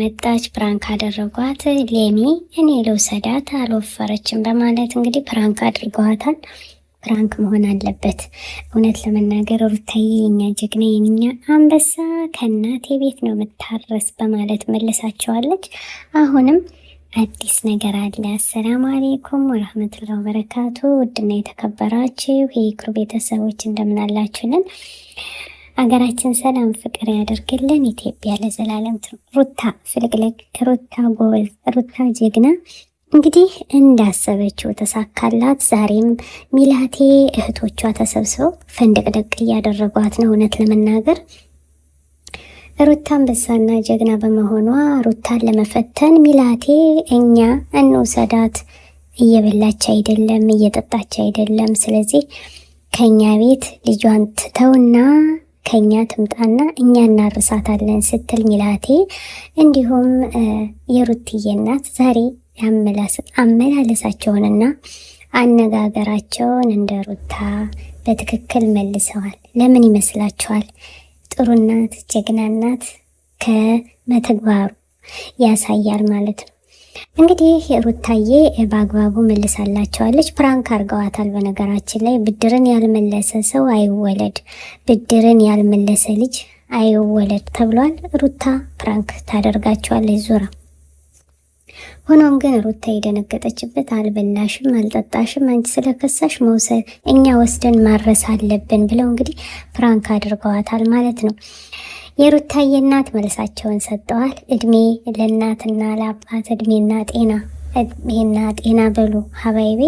መጣች ፕራንክ አደረጓት። ሌሚ እኔ ልውሰዳት አልወፈረችም በማለት እንግዲህ ፕራንክ አድርገዋታል። ፕራንክ መሆን አለበት። እውነት ለመናገር ሩታዬ የኛ ጀግና የኛ አንበሳ ከእናቴ ቤት ነው የምታረስ በማለት መለሳቸዋለች። አሁንም አዲስ ነገር አለ። አሰላሙ አሌይኩም ወረህመቱላ ወበረካቱ። ውድና የተከበራችሁ የክሩ ቤተሰቦች እንደምናላችሁልን አገራችን ሰላም ፍቅር ያደርግልን። ኢትዮጵያ ለዘላለም ሩታ ፍልቅልቅ፣ ሩታ ጎበዝ፣ ሩታ ጀግና እንግዲህ እንዳሰበችው ተሳካላት። ዛሬም ሚላቴ እህቶቿ ተሰብስበው ፈንደቅደቅ እያደረጓት ነው። እውነት ለመናገር ሩታን በሳና ጀግና በመሆኗ ሩታን ለመፈተን ሚላቴ እኛ እንውሰዳት፣ እየበላች አይደለም፣ እየጠጣች አይደለም። ስለዚህ ከእኛ ቤት ልጇን ትተውና ከኛ ትምጣና እኛ እናርሳታለን ስትል ሚላቴ እንዲሁም የሩትዬ እናት ዛሬ አመላለሳቸውንና አነጋገራቸውን እንደ ሩታ በትክክል መልሰዋል። ለምን ይመስላችኋል? ጥሩ እናት ጀግና እናት ከመተግባሩ ያሳያል ማለት ነው። እንግዲህ ሩታዬ በአግባቡ መልሳላቸዋለች። ፕራንክ አርገዋታል። በነገራችን ላይ ብድርን ያልመለሰ ሰው አይወለድ፣ ብድርን ያልመለሰ ልጅ አይወለድ ተብሏል። ሩታ ፕራንክ ታደርጋቸዋለች ዙራ ሆኖም ግን ሩታ የደነገጠችበት አልበላሽም፣ አልጠጣሽም፣ አንቺ ስለከሳሽ መውሰድ እኛ ወስደን ማድረስ አለብን ብለው እንግዲህ ፕራንክ አድርገዋታል ማለት ነው። የሩታዬ እናት መልሳቸውን ሰጠዋል። እድሜ ለእናትና ለአባት እድሜና ጤና እድሜና ጤና በሉ ሀባይቤ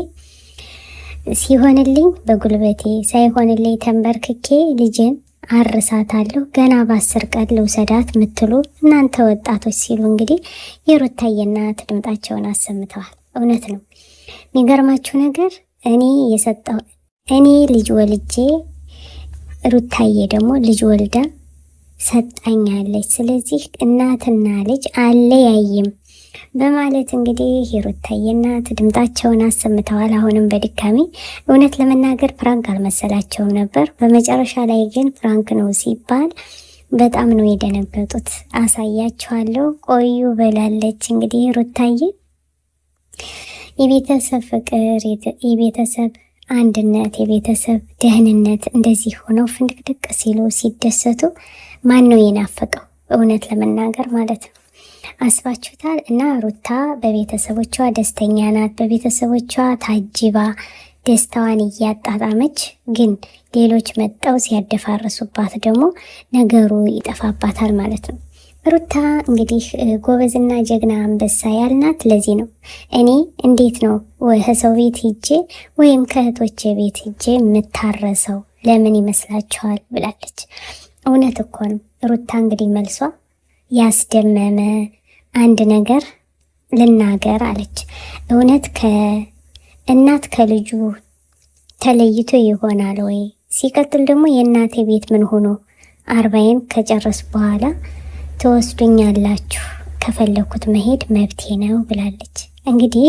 ሲሆንልኝ በጉልበቴ ሳይሆንልኝ ተንበርክኬ ልጅን አርሳታለሁ ገና በአስር ቀን ልውሰዳት ምትሉ እናንተ ወጣቶች ሲሉ እንግዲህ የሩታዬ እናት ድምጣቸውን አሰምተዋል። እውነት ነው። የሚገርማችሁ ነገር እኔ የሰጠው እኔ ልጅ ወልጄ ሩታዬ ደግሞ ልጅ ወልዳ ሰጣኛለች። ስለዚህ እናትና ልጅ አለያይም በማለት እንግዲህ ሂሩታዬ እናት ድምጣቸውን አሰምተዋል። አሁንም በድጋሚ እውነት ለመናገር ፍራንክ አልመሰላቸውም ነበር። በመጨረሻ ላይ ግን ፍራንክ ነው ሲባል በጣም ነው የደነገጡት። አሳያችኋለሁ ቆዩ ብላለች እንግዲህ ሂሩታዬ የቤተሰብ ፍቅር የቤተሰብ አንድነት፣ የቤተሰብ ደህንነት እንደዚህ ሆነው ፍንድቅድቅ ሲሉ ሲደሰቱ ማን ነው የናፈቀው? እውነት ለመናገር ማለት ነው። አስባችሁታል? እና ሩታ በቤተሰቦቿ ደስተኛ ናት። በቤተሰቦቿ ታጅባ ደስታዋን እያጣጣመች ግን ሌሎች መጠው ሲያደፋርሱባት ደግሞ ነገሩ ይጠፋባታል ማለት ነው። ሩታ እንግዲህ ጎበዝና ጀግና አንበሳ ያልናት ለዚህ ነው። እኔ እንዴት ነው ከሰው ቤት ሂጄ ወይም ከእህቶቼ ቤት ሂጄ የምታረሰው ለምን ይመስላችኋል? ብላለች። እውነት እኮ ነው። ሩታ እንግዲህ መልሷ ያስደመመ አንድ ነገር ልናገር አለች። እውነት ከእናት ከልጁ ተለይቶ ይሆናል ወይ? ሲቀጥል ደግሞ የእናቴ ቤት ምን ሆኖ አርባዬን ከጨረሱ በኋላ ትወስዱኛላችሁ፣ ከፈለኩት መሄድ መብቴ ነው ብላለች። እንግዲህ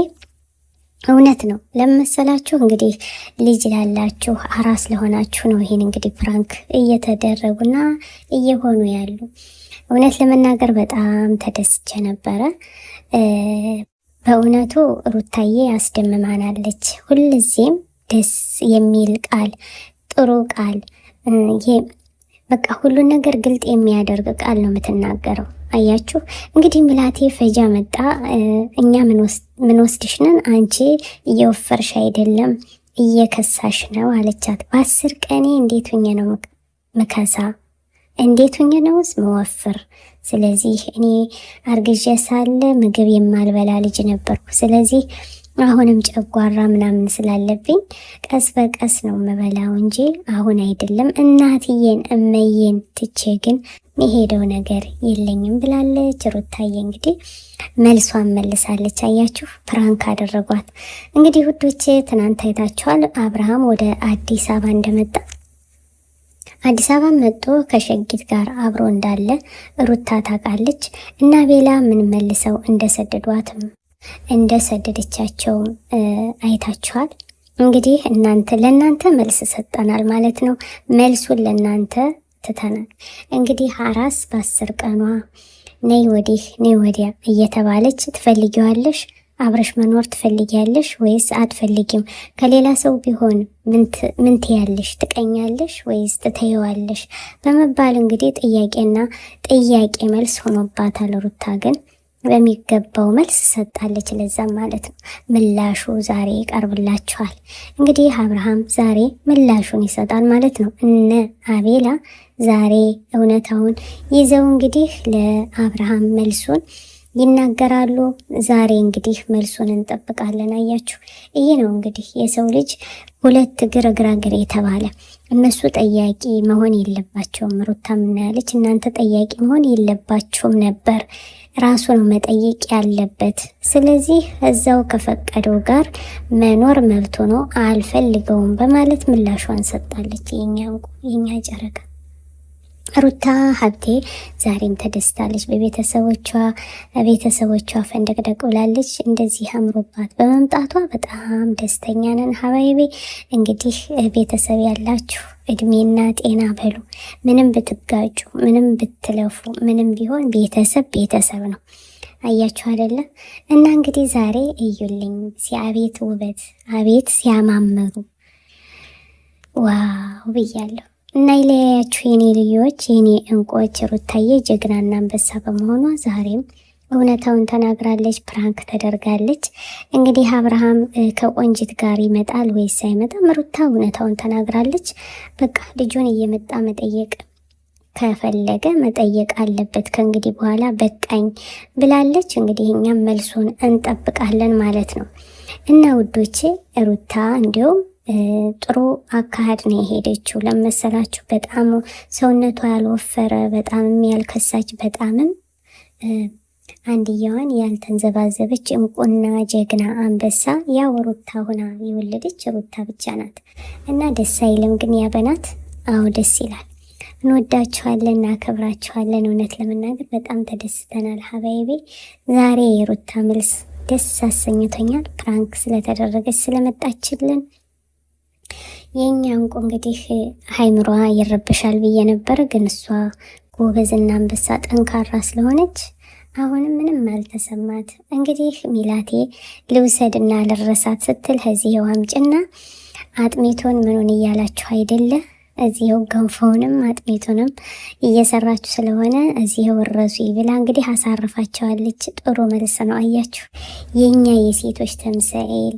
እውነት ነው ለመሰላችሁ እንግዲህ ልጅ ላላችሁ አራስ ለሆናችሁ ነው ይሄን እንግዲህ ፕራንክ እየተደረጉና እየሆኑ ያሉ። እውነት ለመናገር በጣም ተደስቼ ነበረ። በእውነቱ ሩታዬ አስደምማናለች። ሁልጊዜም ደስ የሚል ቃል ጥሩ ቃል በቃ ሁሉን ነገር ግልጥ የሚያደርግ ቃል ነው የምትናገረው። አያችሁ እንግዲህ ምላቴ ፈጃ መጣ። እኛ ወስድሽ ነን፣ አንቺ እየወፈርሽ አይደለም እየከሳሽ ነው አለቻት። በአስር ቀኔ እንዴት ሁኜ ነው ምከሳ? እንዴት ሁኜ ነውስ መወፍር? ስለዚህ እኔ አርግዤ ሳለ ምግብ የማልበላ ልጅ ነበርኩ። ስለዚህ አሁንም ጨጓራ ምናምን ስላለብኝ ቀስ በቀስ ነው የምበላው እንጂ አሁን አይደለም። እናትዬን እመዬን ትቼ ግን የሄደው ነገር የለኝም ብላለች ሩታዬ። እንግዲህ መልሷን መልሳለች። አያችሁ ፕራንክ አደረጓት። እንግዲህ ውዶቼ ትናንት አይታችኋል አብርሃም ወደ አዲስ አበባ እንደመጣ አዲስ አበባ መጥቶ ከሸጊት ጋር አብሮ እንዳለ ሩታ ታውቃለች እና ቤላ ምን መልሰው እንደሰደዷትም እንደሰደደቻቸው አይታችኋል። እንግዲህ እናንተ ለእናንተ መልስ ሰጠናል ማለት ነው። መልሱን ለእናንተ ትተናል። እንግዲህ አራስ በአስር ቀኗ ነይ ወዲህ ነይ ወዲያ እየተባለች ትፈልጊዋለሽ አብረሽ መኖር ትፈልጊያለሽ ወይስ አትፈልጊም? ከሌላ ሰው ቢሆን ምንት ያለሽ ትቀኛለሽ ወይስ ትተየዋለሽ? በመባል እንግዲህ ጥያቄና ጥያቄ መልስ ሆኖባታል። ሩታ ግን በሚገባው መልስ ሰጣለች። ለዛም ማለት ነው ምላሹ ዛሬ ይቀርብላችኋል። እንግዲህ አብርሃም ዛሬ ምላሹን ይሰጣል ማለት ነው። እነ አቤላ ዛሬ እውነታውን ይዘው እንግዲህ ለአብርሃም መልሱን ይናገራሉ። ዛሬ እንግዲህ መልሱን እንጠብቃለን። አያችሁ፣ ይህ ነው እንግዲህ የሰው ልጅ ሁለት እግር እግራግር የተባለ እነሱ ጠያቂ መሆን የለባቸውም። ሩታ ምናያለች? እናንተ ጠያቂ መሆን የለባችሁም ነበር። ራሱ ነው መጠየቅ ያለበት። ስለዚህ እዛው ከፈቀደው ጋር መኖር መብቱ ነው፣ አልፈልገውም በማለት ምላሿን ሰጣለች። የኛ ጨረቃ ሩታ ሀብቴ ዛሬም ተደስታለች። በቤተሰቦቿ ቤተሰቦቿ ፈንደቅደቅ ብላለች። እንደዚህ አምሮባት በመምጣቷ በጣም ደስተኛ ነን። ሀባይቤ እንግዲህ ቤተሰብ ያላችሁ እድሜና ጤና በሉ። ምንም ብትጋጩ፣ ምንም ብትለፉ፣ ምንም ቢሆን ቤተሰብ ቤተሰብ ነው። አያችሁ አይደለም? እና እንግዲህ ዛሬ እዩልኝ ሲያቤት ውበት አቤት ሲያማመሩ ዋው ብያለሁ። እና ይለያያችሁ የኔ ልዮች የኔ እንቆች። ሩታዬ ጀግናና አንበሳ በመሆኗ ዛሬም እውነታውን ተናግራለች። ፕራንክ ተደርጋለች። እንግዲህ አብርሃም ከቆንጅት ጋር ይመጣል ወይስ አይመጣም? ሩታ እውነታውን ተናግራለች። በቃ ልጁን እየመጣ መጠየቅ ከፈለገ መጠየቅ አለበት ከእንግዲህ በኋላ በቃኝ ብላለች። እንግዲህ እኛም መልሱን እንጠብቃለን ማለት ነው እና ውዶቼ ሩታ እንዲሁም ጥሩ አካሄድ ነው የሄደችው። ለመሰላችሁ በጣም ሰውነቷ ያልወፈረ በጣምም ያልከሳች በጣምም አንድየዋን ያልተንዘባዘበች እንቁና ጀግና አንበሳ ያው ሩታ ሁና የወለደች ሩታ ብቻ ናት እና ደስ አይልም ግን ያበናት። አዎ ደስ ይላል። እንወዳችኋለን፣ እናከብራችኋለን። እውነት ለመናገር በጣም ተደስተናል። ሀባይቤ ዛሬ የሩታ መልስ ደስ አሰኝቶኛል። ፕራንክ ስለተደረገች ስለመጣችልን የእኛ እንቁ እንግዲህ ሀይምሯ ይረብሻል ብዬ ነበር፣ ግን እሷ ጎበዝና አንበሳ ጠንካራ ስለሆነች አሁንም ምንም አልተሰማት። እንግዲህ ሚላቴ ልውሰድ እና ልረሳት ስትል ህዚህ ዋምጭና አጥሜቶን ምኑን እያላችሁ አይደለ እዚው ገንፎውንም አጥሚቱንም እየሰራችሁ ስለሆነ እዚህው እረሱ ብላ እንግዲህ አሳርፋቸዋለች። ጥሩ መልስ ነው። አያችሁ፣ የኛ የሴቶች ተምሳኤል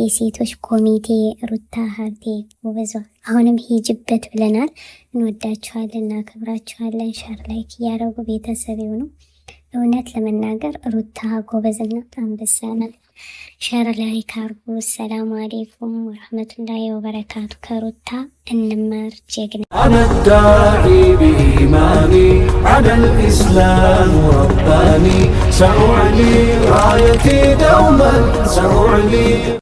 የሴቶች ኮሚቴ ሩታ ሀብቴ ውበዟ። አሁንም ሂጅበት ብለናል። እንወዳችኋለን፣ እናከብራችኋለን። ሸር ላይክ እያደረጉ ቤተሰብ ነው። እውነት ለመናገር ሩታ ጎበዝና አንበሳ ናት። ሸር ላይ ካርጎ። ሰላም አሌይኩም ወረሕመቱላሂ ወበረካቱ። ከሩታ እንማር ጀግና አነዳዒ ብኢማኒ ዓለል ኢስላም ረባኒ ሰዑዕሊ ራየቲ ደውመን ሰዑዕሊ